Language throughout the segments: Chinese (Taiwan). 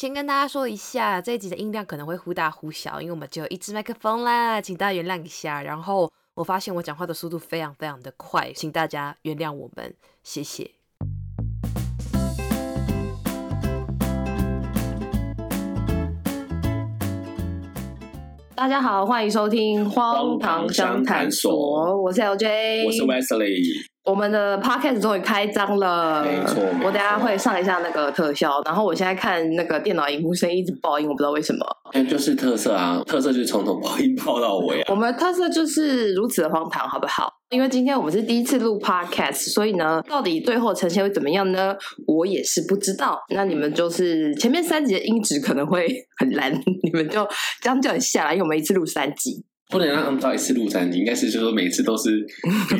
先跟大家說一下，這一集的音量可能會忽大忽小，因為我們只有一支麥克風啦，請大家原諒一下。然後我發現我講話的速度非常非常的快，請大家原諒我們，謝謝。大家好，歡迎收聽《荒唐相談所》，我是 LJ，我是 Wesley。我們的 podcast 終於開張了，沒錯，沒錯。我等下會上一下那個特效，然後我現在看那個電腦螢幕聲一直爆音，我不知道為什麼。欸、就是特色啊，嗯、特色就是從頭爆音爆到尾。我們的特色就是如此的荒唐，好不好？因為今天我們是第一次錄 podcast，所以呢，到底最後呈現會怎麼樣呢？我也是不知道。那你們就是前面三集的音質可能會很爛，你們就將就很下來，因為我們一次錄三集。不能讓他們照一次露台，你應該是就是說每次都是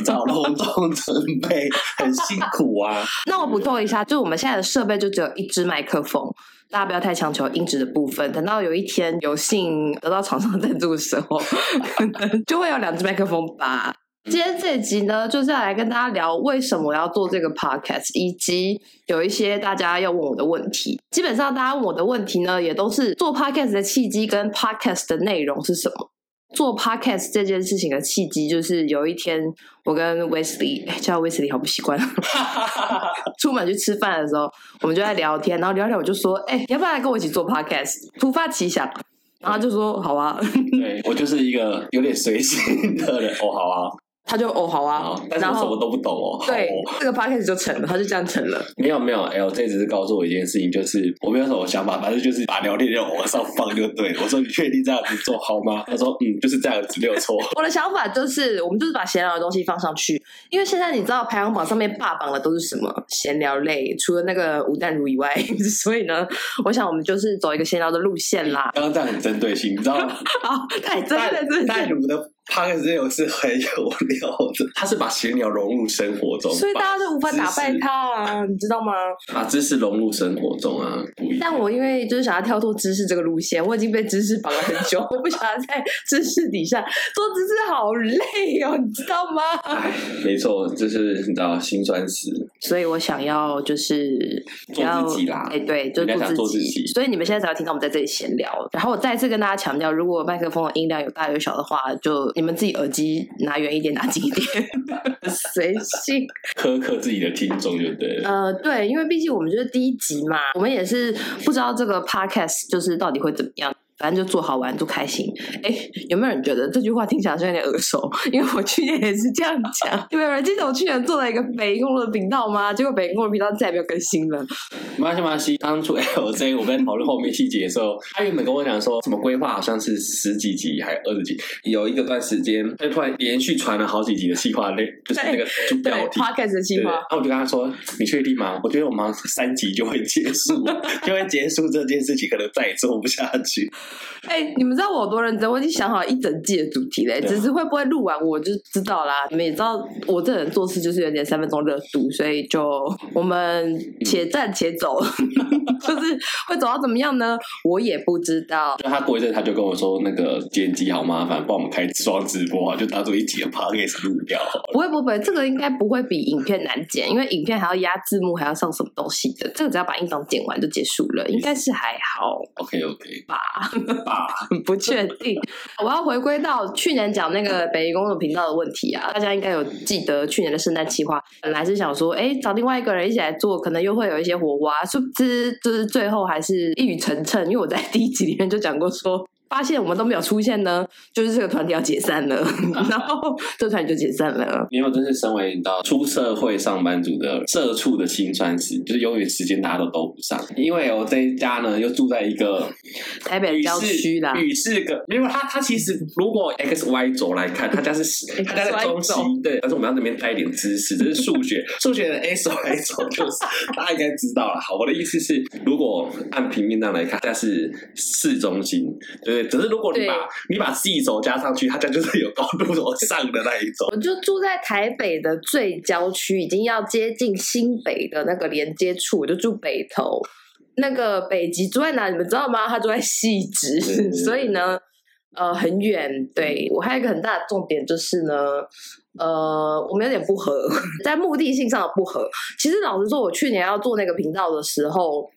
找早妝準備，很辛苦啊。 那我補充一下，就我們現在的設備就只有一支麥克風，大家不要太強求音質的部分。等到有一天有幸得到廠商贊助的時候，可能就會有兩支麥克風吧。 今天這一集呢，就是要來跟大家聊為什麼我要做這個 podcast，以及有一些大家要問我的問題。基本上，大家問我的問題呢，也都是做 podcast 的契機跟 podcast 的內容是什麼？做 Podcast 這件事情的契機，就是有一天我跟 Wesley，欸、叫 Wesley 好不習慣，出門去吃飯的時候，我們就在聊天，然後聊天我就說，哎、欸，你要不要來跟我一起做 Podcast？突發奇想，然後就說，對好啊，對我就是一個有點隨性的人，哦，好啊。他就哦好啊哦，但是我什麼都不懂哦。對，哦、這個 Podcast 就成了，他就這樣成了。你沒有沒有，LJ 只是告訴我一件事情，就是我沒有什麼想法，反正就是把聊天內容往上放就對了。 我說你確定這樣子做好嗎？他說嗯，就是這樣子沒有錯。 我的想法就是，我們就是把閒聊的東西放上去，因為現在你知道排行榜上面霸榜的都是什麼，閒聊類，除了那個吳淡如以外。 所以呢，我想我們就是走一個閒聊的路線啦。剛剛這樣很針對性，你知道嗎？太針太針對性。這個帶這個他可是有是很有料的，他是把閒聊融入生活中，所以大家都無法打敗他啊，知識你知道嗎？把、啊、知識融入生活中啊！但我因為就是想要跳脫知識這個路線，我已經被知識綁了很久， 我不想要在知識底下做知識，好累哦，你知道嗎？哎、沒錯，就是你知道心酸事。所以我想要就是要做自己啦，哎、欸，對，就做自己。自己所以你們現在只要聽到我們在這裡閒聊。然後我再次跟大家強調，如果麥克風的音量有大有小的話，就你們自己耳機拿遠一點，拿近一點，隨 性，苛刻自己的聽眾就對了。呃，對，因為畢竟我們就是第一集嘛，我們也是不知道這個 podcast 就是到底會怎麼樣。反正就做好玩，就開心。哎、欸，有沒有人覺得這句話聽起來有點耳熟？因為我去年也是這樣講。有 沒有人記得我去年做了一個北宜公路的頻道嗎？結果北宜公路頻道再也沒有更新了。沒關係，沒關係。當初 LJ 我們在討論後面細節的時候，他原本跟我講說，什麼規劃好像是十幾集，還有二十集。有一個段時間，他就突然連續傳了好幾集的企劃類， 就是那個主題。花對開始的計劃。那、啊、我就跟他說：“你確定嗎？我覺得我們三集就會結束，就會結束這件事情，可能再也做不下去。 ”哎，hey, 你們知道我有多認真？我已經想好一整季的主題嘞，啊、只是會不會錄完我就知道啦。你們也知道我這人做事就是有點三分鐘熱度，所以就我們且戰且走，嗯、 就是會走到怎麼樣呢？我也不知道。就他過一陣他就跟我說，那個剪輯好麻煩，幫我們開雙直播，就當作一集的 Podcast 錄掉。不會不會，這個應該不會比影片難剪，因為影片還要壓字幕，還要上什麼東西的。這個只要把音檔剪完就結束了，應該是還好。思吧 OK OK，吧。很 不確定。 我要回歸到去年講那個北移公路頻道的問題啊，大家應該有記得去年的聖誕計劃，本來是想說，哎，找另外一個人一起來做，可能又會有一些火花、啊，是不是？就是最後還是一語成讖，因為我在第一集裡面就講過說。發現我們都沒有出現呢，就是這個團體要解散了， 然後這團就解散了。因為真是身為初出社會上班族的社畜的辛酸史，就是永遠時間大家都兜不上，因為我在家呢又住在一個台北郊區的，與世隔，沒有他，他其實如果 x y 軸來看，他家是， X Y 他家在中心，對，但是我們要那邊帶一點知識，這、就是數學，數 學的 s y 軸就是 大家應該知道了。好，我的意思是，如果按平面上來看，家是市中心，對。只是如果你把對你把 Z 軸加上去，它家就是有高度往上的那一種。我就住在台北的最郊區，已經要接近新北的那個連接處，我就住北投。那個北極住在哪裡？你們知道嗎？他住在汐止，嗯嗯所以呢，呃，很遠。對、嗯、我還有一個很大的重點就是呢，呃，我們有點不合，在目的性上的不合。其實老實說，我去年要做那個頻道的時候。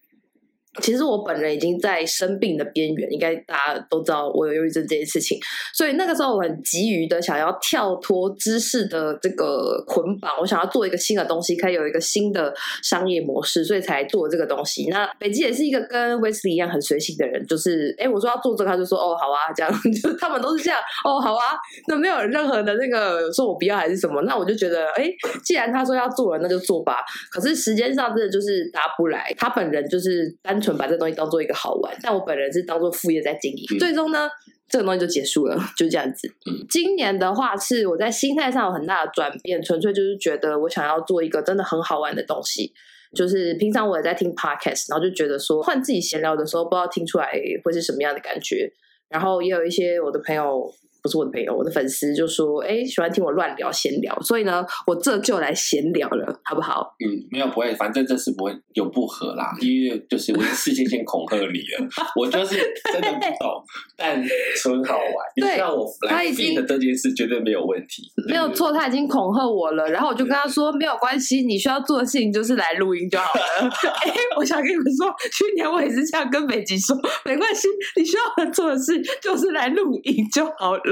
其實我本人已經在生病的邊緣，應該大家都知道我有憂鬱症這件事情，所以那個時候我很急於的想要跳脫知識的這個捆綁，我想要做一個新的東西，開始有一個新的商業模式，所以才做這個東西。那北極也是一個跟 Wesley 一樣很隨性的人，就是哎、欸，我說要做這個，他就說哦好啊，這樣就他們都是這樣哦好啊，那沒有任何的那個說我不要還是什麼，那我就覺得哎、欸，既然他說要做了，那就做吧。可是時間上真的就是達不來，他本人就是單。純把這東西當做一個好玩，但我本人是當做副業在經營。最終呢，這個東西就結束了，就這樣子。今年的話，是我在心態上有很大的轉變，純粹就是覺得我想要做一個真的很好玩的東西。就是平常我也在聽 Podcast，然後就覺得說換自己閒聊的時候，不知道聽出來會是什麼樣的感覺。然後也有一些我的朋友。不是我的朋友，我的粉絲就說：“哎、欸，喜歡聽我亂聊閒聊。”所以呢，我這就來閒聊了，好不好？嗯，沒有不會，反正這次不會有不合啦，因為就是我是事先先恐嚇你了， 我就是真的不懂， 對但很好玩。你知道我來聽的這件事絕對沒有問題，沒有錯，他已經恐嚇我了。然後我就跟他說：“對沒有關係，你需要做的事情就是來錄音就好了。”哎、 欸，我想跟你們說，去年我也是這樣跟北極說：“沒關係，你需要做的事就是來錄音就好了。”所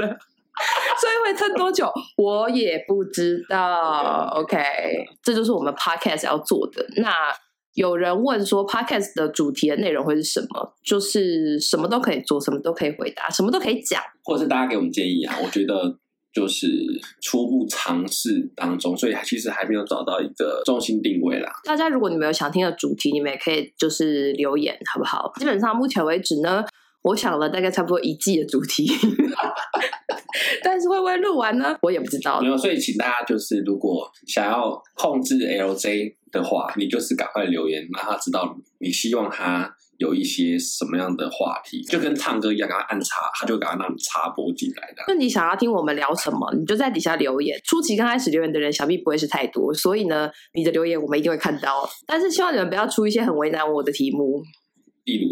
以會撐多久，我也不知道。OK，okay。這就是我們 podcast 要做的。那有人問說，podcast 的主題的內容會是什麼？就是什麼都可以做，什麼都可以回答，什麼都可以講，或者是大家給我們建議啊。我覺得就是初步嘗試當中，所以其實還沒有找到一個重心定位啦。大家，如果你們有想聽的主題，你們也可以就是留言，好不好？基本上目前為止呢。我想了大概差不多一季的主題， 但是會不會錄完呢？我也不知道。沒有，所以請大家就是，如果想要控制 LJ 的話，你就是趕快留言，讓他知道你希望他有一些什麼樣的話題，嗯、就跟唱歌一樣，給他按插，他就給他那種插播進來的。那你想要聽我們聊什麼？你就在底下留言。初期剛開始留言的人，想必不會是太多，所以呢，你的留言我們一定會看到。但是希望你們不要出一些很為難我的題目，例如。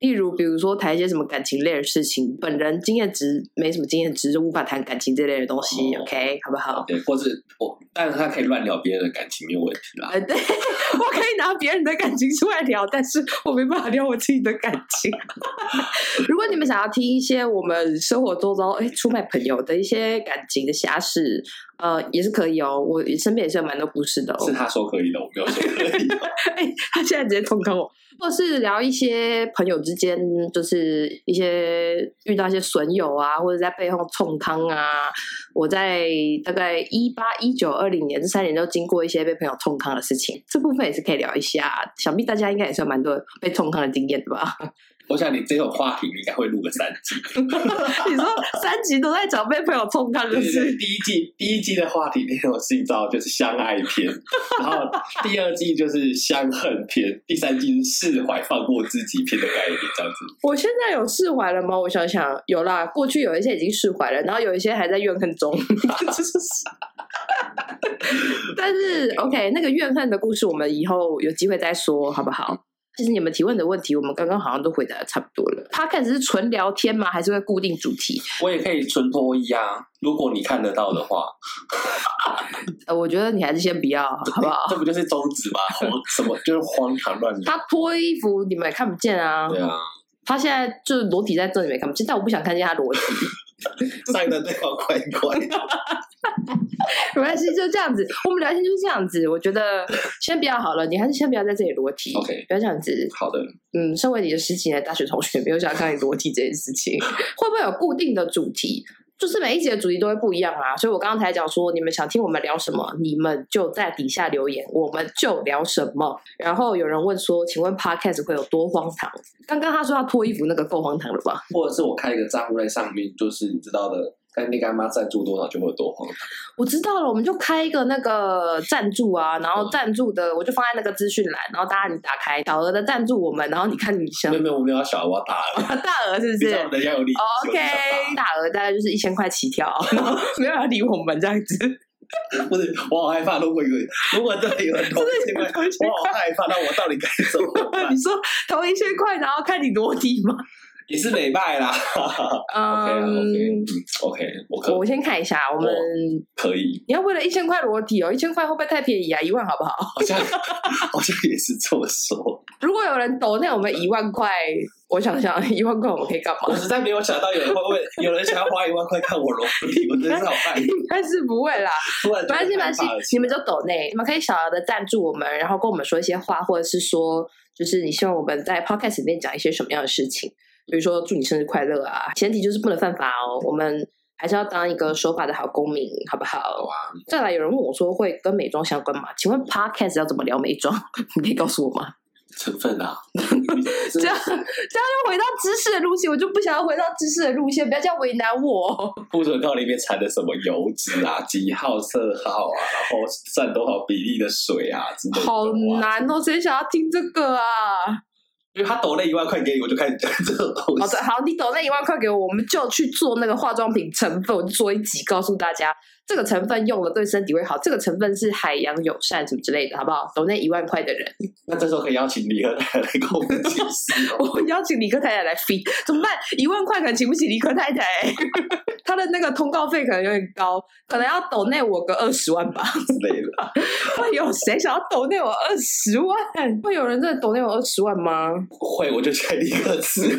例如，比如說談一些什麼感情類的事情，本人經驗值沒什麼經驗值，就無法談感情這類的東西，哦，OK，好不好？對，或者我，但是他可以亂聊別人的感情，沒有問題啦。對，我可以拿別人的感情出來聊， 但是我沒辦法聊我自己的感情。 如果你們想要聽一些我們生活周遭誒、欸、出賣朋友的一些感情的遐事，呃，也是可以哦。我身邊也是有蠻多故事的哦。哦。是他說可以的，我沒有說可以的。哎，、 欸，他現在直接通告我。或是聊一些朋友之間，就是一些遇到一些損友啊，或者在背後沖湯啊。我在大概一八一九二零年這三年都經過一些被朋友沖康的事情，這部分也是可以聊一下，想必大家應該也是有蠻多被沖康的經驗的吧？我想你這種話題應該會錄個三集。 你說三集都在找被朋友沖康的事。對對對。第一集第一集的話題我種制招就是相愛篇， 然後第二集就是相恨篇，第三集釋懷放過自己篇的概念。這樣子。我現在有釋懷了嗎？我想想，有啦。過去有一些已經釋懷了，然後有一些還在怨恨中。 但是 OK，那個怨恨的故事我們以後有機會再說，好不好？其實你們提問的問題，我們剛剛好像都回答得差不多了。他開始是純聊天嗎？還是會固定主題？我也可以純脫衣啊，如果你看得到的話。我覺得你還是先不要，好不好？這，這不就是宗旨嗎？ 什麼就是荒唐亂？他脫衣服你們也看不見啊。對啊。他現在就是裸體在這裡面看不見，但我不想看見他裸體。 上一段對話快一快，沒關係就這樣子。我們聊天就是這樣子。我覺得先不要好了，你還是先不要在這裡裸體。OK，不要這樣子。好的，嗯，身為你的十幾年大學同學，沒有想要看你裸體這件事情， 會不會有固定的主題？就是每一集的主題都會不一樣啊，所以我剛剛才講說，你們想聽我們聊什麼，你們就在底下留言，我們就聊什麼。然後有人問說，請問 Podcast 會有多荒唐？剛剛他說他脫衣服那個夠荒唐了吧？或者是我開一個賬戶在上面，就是你知道的。但你乾媽贊助多少就沒有多好。我知道了，我們就開一個那個贊助啊，然後贊助的、哦、我就放在那個資訊欄，然後大家你打開小額的贊助我們，然後你看你像沒有沒有，我們要小額，我要大額、啊。大額是不是？等一下有利息。Oh, OK，大額大概就是一千塊起跳， 然後沒有要理我們這樣子。 不是，我好害怕，如果有，如果真的有很多錢， 我好害怕，那 我到底該怎麼辦？ 你說投一千塊，然後看你裸體嗎？也是美拜啦，嗯，OK，OK 我先看一下，我們可以，你要為了一千塊裸體哦，一千塊會不會太便宜啊？一萬好不好？好像好像也是這麼說。如果有人抖內我們一萬塊，我想想，一萬塊我們可以幹嘛？我實在沒有想到有人會問，有人想要花一萬塊看我裸體，我真是好愛你。但是不會啦，沒關係，沒關係，你們就抖內，你們可以小額的贊助我們，然後跟我們說一些話，或者是說，就是你希望我們在 Podcast 裡面講一些什麼樣的事情。比如說祝你生日快樂啊，前提就是不能犯法哦。嗯、我們還是要當一個守法的好公民，嗯、好不好？嗯、再來，有人問我說會跟美妝相關嗎？請問 podcast 要怎麼聊美妝？你可以告訴我嗎？成分啊，這樣這樣又回到知識的路線，我就不想要回到知識的路線，不要這樣為難我。不准到裡面摻的什麼油脂啊，幾 號色號啊，然後佔多少比例的水啊，好難哦！誰想要聽這個啊？因為他抖那一萬塊給你，我就開始這種東西。好的，好，你抖那一萬塊給我，我們就去做那個化妝品成分，我就做一集告訴大家。這個成分用了對身體會好，這個成分是海洋友善什麼之類的，好不好？抖那一萬塊的人，那這時候可以邀請理科太太給我們解釋。我邀請理科太太來 f 怎麼辦？一萬塊可能請不起理科太太，他的那個通告費可能有點高，可能要抖那我個二十萬吧之類啦 會有誰想要抖那我二十萬？會有人真的抖那我二十萬嗎？不會，我就請理科吃。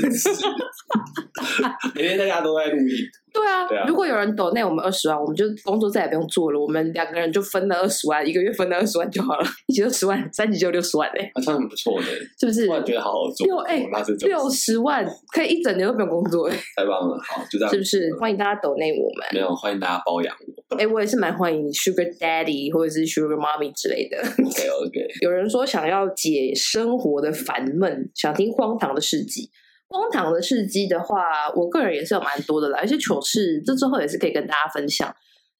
每天大家都在努力對啊，對啊如果有人抖內我們二十萬，我們就工作再也不用做了，我們兩個人就分了二十萬，一個月分了二十萬就好了，一集就十萬，三集就六十萬嘞、欸啊，算很不錯的，是不是？我覺得好好做，哎，六、欸、六十萬可以一整年都不用工作，太棒了！好，就這樣，是不是？歡迎大家抖內我們，沒有歡迎大家包養我，哎、欸，我也是蠻歡迎 Sugar Daddy 或者是 Sugar Mommy 之類的。OK OK，有人說想要解生活的煩悶，想聽荒唐的事蹟。荒唐的事蹟的話，我個人也是有蠻多的啦，而且糗事這之後也是可以跟大家分享。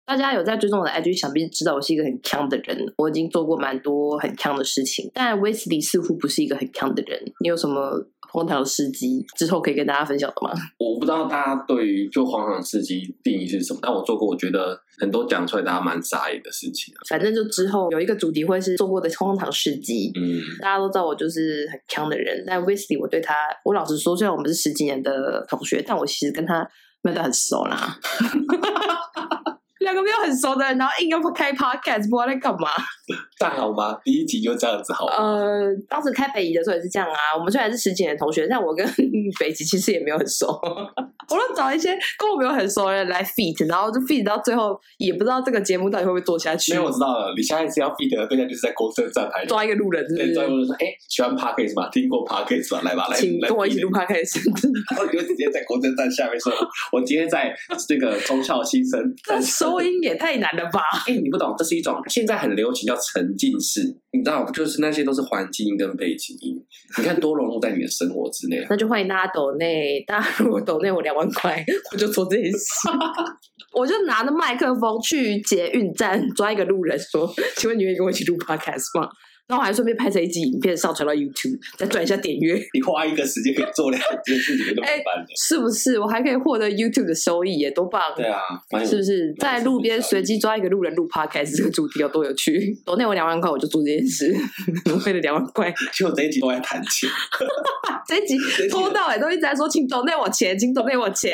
大家有在追蹤我的 IG，想必知道我是一個很強的人，我已經做過蠻多很強的事情。但 Wesley 似乎不是一個很強的人，你有什麼？荒唐事蹟之後可以跟大家分享的嗎？我不知道大家對於就荒唐事蹟定義是什麼，但我做過我覺得很多講出來大家蠻傻一個事情，啊。反正就之後有一個主題會是做過的荒唐事蹟。嗯，大家都知道我就是很強的人，但 Wesley 我對他，我老實說，雖然我們是十幾年的同學，但我其實跟他沒有很熟啦。 兩個沒有很熟的人，然後硬要開 Podcast，不知道在幹嘛？這樣好嗎？第一集就這樣子好嗎？呃，當時開北極的時候也是這樣啊。我們雖然是十幾年同學，但我跟呵呵北極其實也沒有很熟。 我就找一些跟我沒有很熟的人來 feed，然後就 feed 到最後，也不知道這個節目到底會不會做下去。因為我知道了，你現在是要 feed 的對象就是在公車站台抓一個路人是是，對，抓路人說：“哎、欸，喜歡 podcast 吧？聽過 podcast 嗎？來吧，請 來，請跟我來 feed 一起錄 podcast。”然後有姐姐在公車站下面說：“ 我今天在這個忠孝新生。”這收音也太難了吧！哎、欸，你不懂，這是一種現在很流行叫沉浸式，你知道就是那些都是環境音跟背景音，你看多融入在你的生活之內。 那就歡迎大家抖內，大家如果抖內，我聊。 很快， 我就做這一次，我就拿着麥克風去捷運站抓一個路人，說：“請問你願意跟我一起錄 Podcast 嗎？”我還順便拍這一集影片，上傳到 YouTube，再轉一下點閱。你花一個時間可以做兩件事，你、 欸、怎麼辦，是不是？我還可以獲得 YouTube 的收益也多棒！對啊，是不是？在有路邊隨機抓一個路人錄 Podcast，這個主題有多有趣？斗內我兩萬塊，我就做這件事，我費了兩萬塊。其實我這一集都在談錢， 這一集拖到哎、欸，都一直在說，請斗內我錢，請斗內我錢。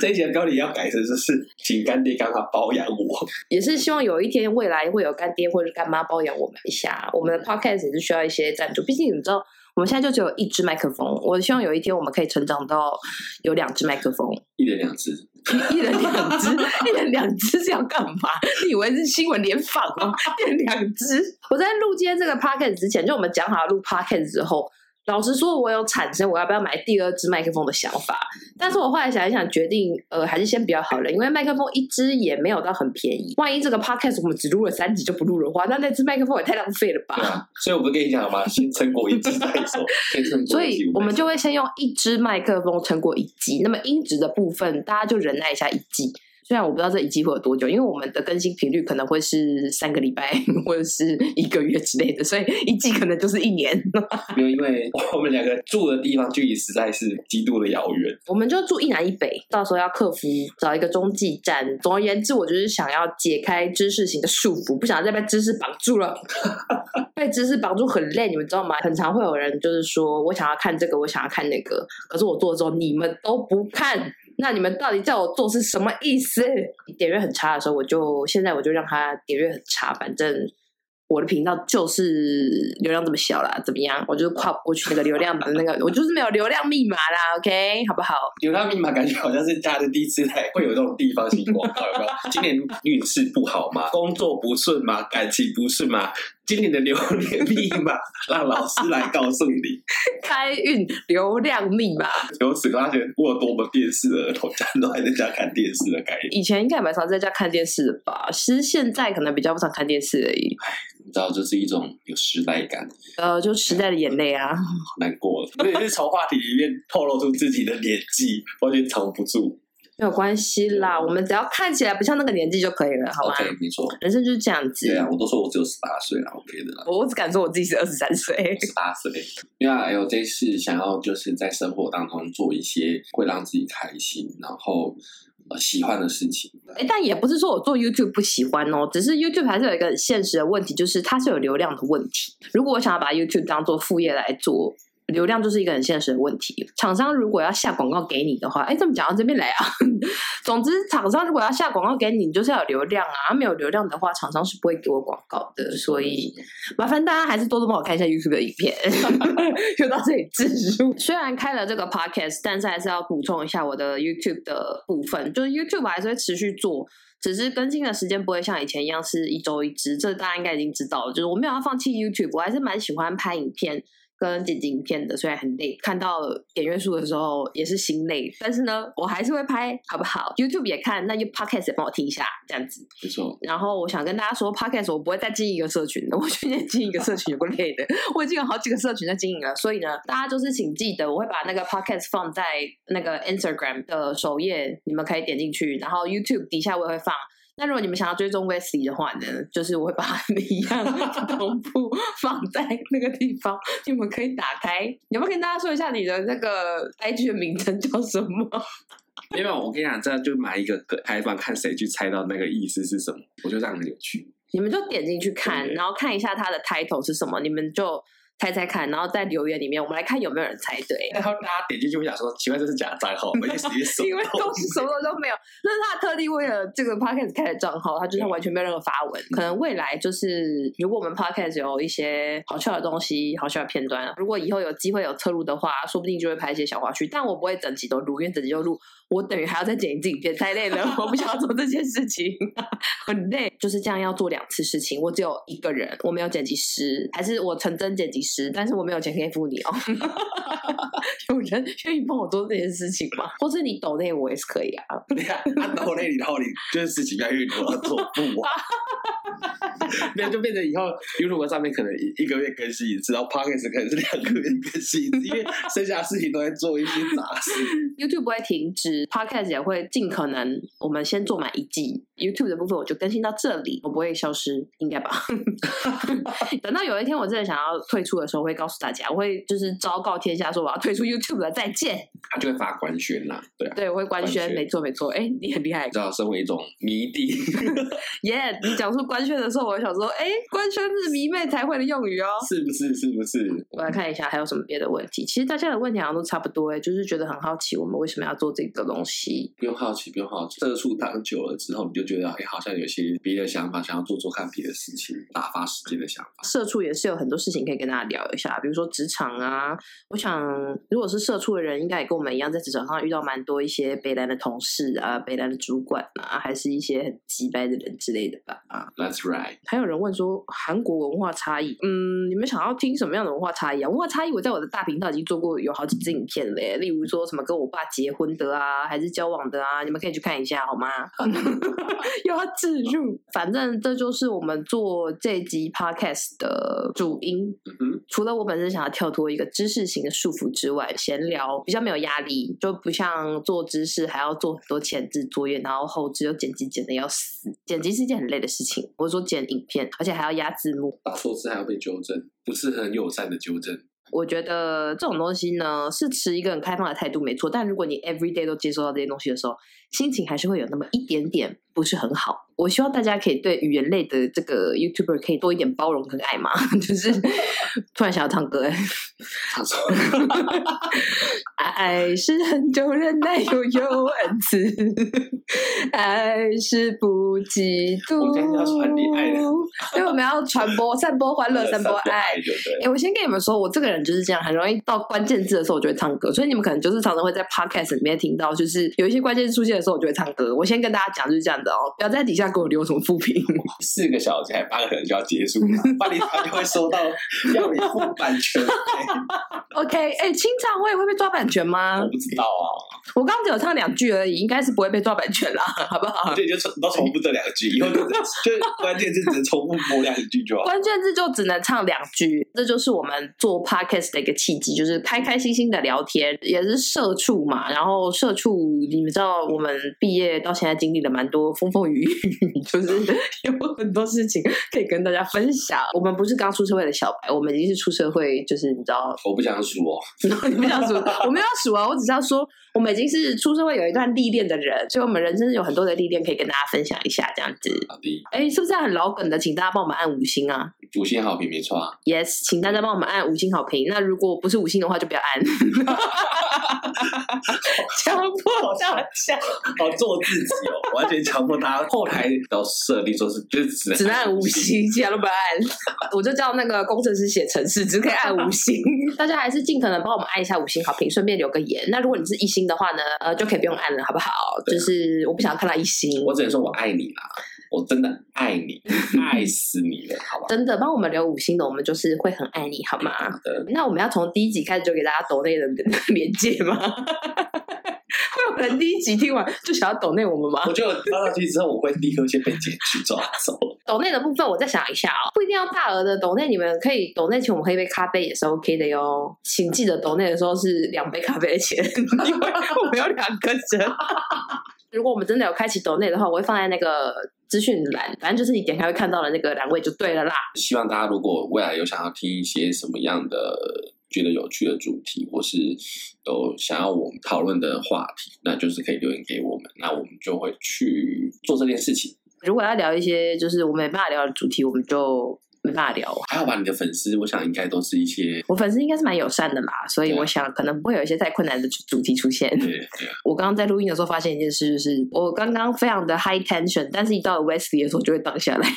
這一集標題要改成就是請乾爹乾媽包養我，也是希望有一天未來會有乾爹或者乾媽包養我們一下，我們。Podcast 也是需要一些贊助，畢竟你知道，我們現在就只有一支麥克風。我希望有一天我們可以成長到有兩支麥克風一一，一人兩隻， 一人兩隻，一人兩隻，這樣幹嘛？你以為是新聞聯訪嗎？一人兩隻。 我在錄今天這個 Podcast 之前，就我們講好錄 Podcast 之後。老實說，我有產生我要不要買第二支麥克風的想法，但是我後來想一想，決定，呃，還是先比較好了，因為麥克風一支也沒有到很便宜，萬一這個 Podcast 我們只錄了三集就不錄了的話，那那支麥克風也太浪費了吧。啊、所以我不是跟你講了嗎？先撐過一集 再說，再所以，我們就會先用一支麥克風撐過一集，那麼音質的部分，大家就忍耐一下一集。雖然我不知道這一季會有多久，因為我們的更新頻率可能會是三個禮拜或者是一個月之類的，所以一季可能就是一年。 因為，我們兩個住的地方距離實在是極度的遙遠，我們就住一南一北，到時候要克服找一個中繼站。總而言之，我就是想要解開知識型的束縛，不想再被知識綁住了。 被知識綁住很累，你們知道嗎？很常會有人就是說，我想要看這個，我想要看那個，可是我做的時候你們都不看。那你們到底叫我做是什麼意思？點閱很差的時候，我就現在我就讓他點閱很差，反正我的頻道就是流量這麼小啦，怎麼樣？我就是跨不過去那個流量的那個， 我就是沒有流量密碼啦，OK，好不好？流量密碼感覺好像是大家的第一次來，會有這種地方性廣告。今年運勢不好嘛，工作不順嘛，感情不順嘛。今年的流量密碼，讓老師來告訴你。 開運流量密碼。 由此覺得我發現，我有多麼電視的兒童，現在都還在家看電視的概念。以前應該蠻常在家看電視的吧？其實現在可能比較不常看電視而已。唉你知道，這、就是一種有時代感。呃，就時代的眼淚啊， 難過了。我也是從話題裡面透露出自己的年紀，完全藏不住。沒有關係啦，對我們只要看起來不像那個年紀就可以了，好吧？沒錯、okay,，人生就是這樣子。對啊，我都說我只有十八歲，然後別的啦，啦。我只敢說我自己是二十三歲，十八歲。因為啊，我這次想要就是在生活當中做一些會讓自己開心，然後呃喜歡的事情。誒、欸、但也不是說我做 YouTube 不喜歡哦，只是 YouTube 還是有一個現實的問題，就是它是有流量的問題。如果我想要把 YouTube 當做副業來做。流量就是一個很現實的問題。廠商如果要下廣告給你的話，哎，怎麼講到這邊來啊？總之，廠商如果要下廣告給你，你就是要有流量啊。沒有流量的話，廠商是不會給我廣告的。嗯、所以，麻煩大家還是多多幫我看一下 YouTube 的影片。 就到這裡結束。 雖然開了這個 Podcast，但是還是要補充一下我的 YouTube 的部分。就是 YouTube 還是會持續做，只是更新的時間不會像以前一樣是一周一支。這大家應該已經知道了。就是我沒有要放棄 YouTube，我還是蠻喜歡拍影片。跟剪輯影片的雖然很累，看到點閱數的時候也是心累，但是呢，我還是會拍，好不好？YouTube 也看，那 Podcast 也幫我聽一下，這樣子。的然後我想跟大家說，Podcast 我不會再經營一個社群了，我覺得經營一個社群，也不累的， 我已經有好幾個社群在經營了，所以呢，大家就是請記得，我會把那個 Podcast 放在那個 Instagram 的首頁，你們可以點進去，然後 YouTube 底下我也會放。那如果你們想要追蹤 Wesley 的話呢，就是我會把他們一樣的同步放在那個地方， 你們可以打開。有沒有跟大家說一下你的那個 IG 的名稱叫什麼？因為我跟你講，這樣就買一個開放，看誰去猜到那個意思是什麼，我就讓你們有趣。你們就點進去看，耶然後看一下它的 title 是什麼，你們就。猜猜看，然後在留言裡面，我們來看有沒有人猜對。然後大家點進去就想說，奇怪，這是假賬號 沒有，因為其實什麼都沒有。 那他特地為了這個 podcast 開的賬號，他就是他完全沒有任何發文。嗯、可能未來就是，如果我們 podcast 有一些好笑的東西、好笑的片段，如果以後有機會有側錄的話，說不定就會拍一些小花絮。但我不會整集都錄，因為整集就錄。我等於還要再剪一次影片，太累了，我不想要做這件事情，很累。就是這樣要做兩次事情，我只有一個人，我沒有剪輯師，還是我陳真剪輯師，但是我沒有錢可以付你哦。哈哈哈，有人願意幫我做這件事情嗎？或是你抖內我也是可以啊。你看，抖、啊、內以後你就是事情越來越多，你要做不完，哈哈哈，那就變成以後 YouTube 上面可能一個月更新一次，然後 Podcast 可能是兩個月更新一次，因為剩下的事情都在做一些雜事。 YouTube 不會停止。Podcast 也會盡可能，我們先做滿一季。YouTube 的部分我就更新到這裡，我不會消失，應該吧？ 等到有一天我真的想要退出的時候，我會告訴大家，我會就是昭告天下，說我要退出 YouTube 了，再見。他就會發官宣啦，對啊，對，我會官宣，沒錯宣沒錯，哎、欸，你很厲害，你知道身為一種迷弟，耶 ！Yeah, 你講述官宣的時候，我就想說，哎、欸，官宣是迷妹才會的用語哦，是不是？是不是？我來看一下還有什麼別的問題。其實大家的問題好像都差不多、欸，哎，就是覺得很好奇，我們為什麼要做這個東西？不用好奇，不用好奇，社畜當久了之後，你就覺得哎、欸，好像有些別的想法，想要做做看別的事情，打發時間的想法。社畜也是有很多事情可以跟大家聊一下，比如說職場啊，我想如果是社畜的人，應該也跟。我們一樣在職場上遇到蠻多一些北爛的同事啊，北爛的主管啊，還是一些很直白的人之類的吧啊。That's right。還有人問說韓國文化差異，嗯，你們想要聽什麼樣的文化差異啊？文化差異我在我的大頻道已經做過有好幾支影片嘞，例如說什麼跟我爸結婚的啊，還是交往的啊，你們可以去看一下好嗎？又 要置入，反正這就是我們做這集 Podcast 的主因。除了我本身想要跳脫一個知識型的束縛之外，閒聊比較沒有。壓力就不像做知識，還要做很多前置作業，然後後置又剪輯剪的要死，剪輯是一件很累的事情。我說剪影片，而且還要壓字幕，打錯字還要被糾正，不是很友善的糾正。我覺得這種東西呢，是持一個很開放的態度沒錯，但如果你 everyday 都接收到這些東西的時候，心情還是會有那麼一點點不是很好。我希望大家可以對語言類的這個 YouTuber 可以多一點包容跟愛嘛，就是突然想要唱歌，欸，唱錯了。愛是恆久忍耐又有恩慈，愛是不嫉妒。 因為我們要傳播、散播歡樂、散播愛。對、欸。我先跟你們說，我這個人就是這樣，很容易到關鍵字的時候，我就會唱歌。所以你們可能就是常常會在 Podcast 裡面聽到，就是有一些關鍵字出現的時候，我就會唱歌。我先跟大家講，就是這樣子哦、喔，不要在底下。他給我留什麼副品？四個小時還八個，可能就要結束了。巴黎塔就會收到 要你付版權。 OK，哎、欸，清唱我也會被抓版權嗎？我不知道啊，我剛剛只有唱兩句而已，應該是不會被抓版權啦。好不好？對，就重到重複這兩句，對以後就就關鍵字只能重複播兩句就好。關鍵字就只能唱兩句，這就是我們做 Podcast 的一個契機，就是開開心心的聊天，也是社畜嘛。然後社畜，你們知道我們畢業到現在經歷了蠻多風風雨雨。 就是有很多事情可以跟大家分享。我們不是剛出社會的小白，我們已經是出社會，就是你知道，我不想數，你不想數，我沒有數啊，我只知道說，我們已經是出社會有一段歷練的人，所以我們人生有很多的歷練可以跟大家分享一下，這樣子。哎，是不是很老梗的？請大家幫我們按五星啊，五星好評沒錯。啊。Yes，請大家幫我們按五星好評。那如果不是五星的話，就不要按。 強迫好像很像好。好做自己哦，完全強迫大家後台。到設定說是，就是只能按五星，其他都不能按，我就叫那個工程師寫程式，只可以按五星。 大家還是盡可能幫我們按一下五星好評，順便留個言。那如果你是一星的話呢，呃，就可以不用按了，好不好？對就是我不想看到一星。我只能說我愛你啦，我真的愛你， 愛死你了，好吧？真的幫我們留五星的，我們就是會很愛你，好嗎？好，那我們要從第一集開始就給大家抖那個連接嗎？ 可能 第一集聽完就想要抖內我們嗎？我就放上去之後，我會立刻先被警去抓走。抖內 的部分，我再想一下哦，不一定要大額的抖內，你們可以抖內請我們喝一杯咖啡也是 OK 的喲、哦。請記得抖內的時候是兩杯咖啡的錢，因 為 我們要兩個人。 如果我們真的有開啟抖內的話，我會放在那個資訊欄，反正就是你點開會看到的那個欄位就對了啦。希望大家如果未來有想要聽一些什麼樣的。覺得有趣的主題，或是有想要我們討論的話題，那就是可以留言給我們，那我們就會去做這件事情。如果要聊一些就是我們沒辦法聊的主題，我們就。尬聊還好吧，你的粉絲，我想應該都是一些我粉絲應該是蠻友善的嘛，所以對我想可能不會有一些太困難的主題出現。對，對我剛剛在錄音的時候發現一件事，就是我剛剛非常的 high tension，但是一到 Wesley 的時候就會 down 下來，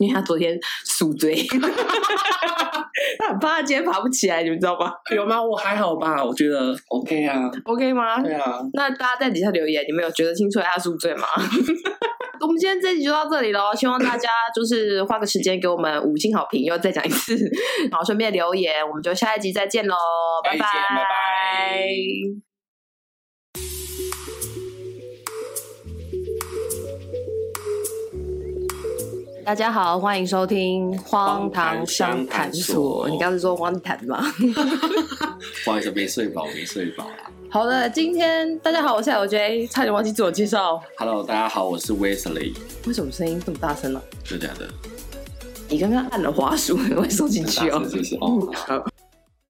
因為他昨天宿醉，他很怕他今天爬不起來，你們知道吧？哎、有嗎？我還好吧，我覺得 OK 啊，OK 嗎？對啊，那大家在底下留言，你們有覺得聽出來他宿醉嗎？ 我們今天這一集就到這裡嘍，希望大家就是花個時間給我們五星好評，又再講一次，然後順便留言，我們就下一集再見嘍，拜拜，拜拜。大家好，歡迎收聽《荒唐相談所》哦，你剛才說荒唐嗎？ 不好意思，沒睡飽，沒睡飽。好的，今天大家好，我是 LJ，差點忘記自我介紹。Hello，大家好，我是 Wesley。為什麼聲音這麼大聲呢、啊？真的假的？你剛剛按了滑鼠，會送進去哦。謝謝哦，好。